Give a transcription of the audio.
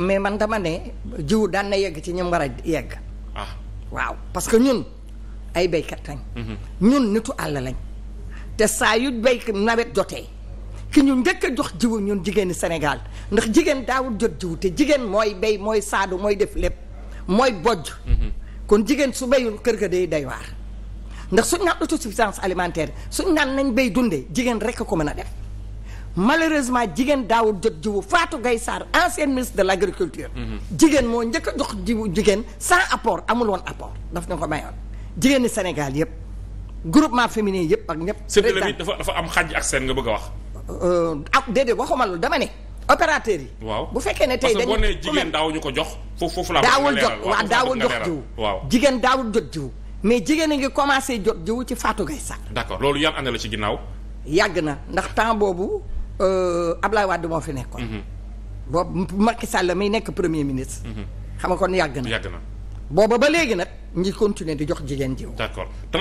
mais man dama ne jiw daan na yegg ci ñoom war a yegg. Ah. waaw parce que ñun ay béykat lañ. Mhm. ñun nitu àll lañ. te saa yu béy nawet jotee ki ñu njëkk a jox jiw ñun jigéenu Sénégal ndax jigéen daawul jot jiwu te jigéen mooy béy mooy saadu mooy def lépp mooy bojj. Mhm. kon jigéen su béyul kër ga day day waar ndax suñ naan suffisance alimentaire suñ naan nañ béy dundee jigéen rek ko mën a def. malheureusement jigéen daawul jot jiwu faatu Gaye saar ancienne ministre de l' agriculture. Mhm. jigéen moo njëkk a jox jigéen sans apport amul woon apport daf ñu ko mayoon jigéen ni Sénégal yëpp groupement féminin yëpp ak ñëpp. président dafa dafa am xaj ak seen nga bëgg a wax. Euh, ak ah, déedéet waxuma loolu dama ne. opérateurs yi. waaw bu fekkee ne tey dañu. parce que boo ko jox. foofu foofu laa daawul jox waaw daawul jox jiwu. waaw jigéen daawul jot jiwu. mais jigéen a ngi commencé jot jiwu ci Fatou Gaye Sarr. d' accord loolu yan année la ci ginnaaw. yàgg na ndax temps boobu Euh, Ablaye Wade moo fi nekkoon. Mhm. boobu Macky Sall mi nekk premier ministre. Mhm. xam nga kon yàgg na yàgg na. booba ba léegi nag ñi continuer di jox jigéen jiw. d'accord.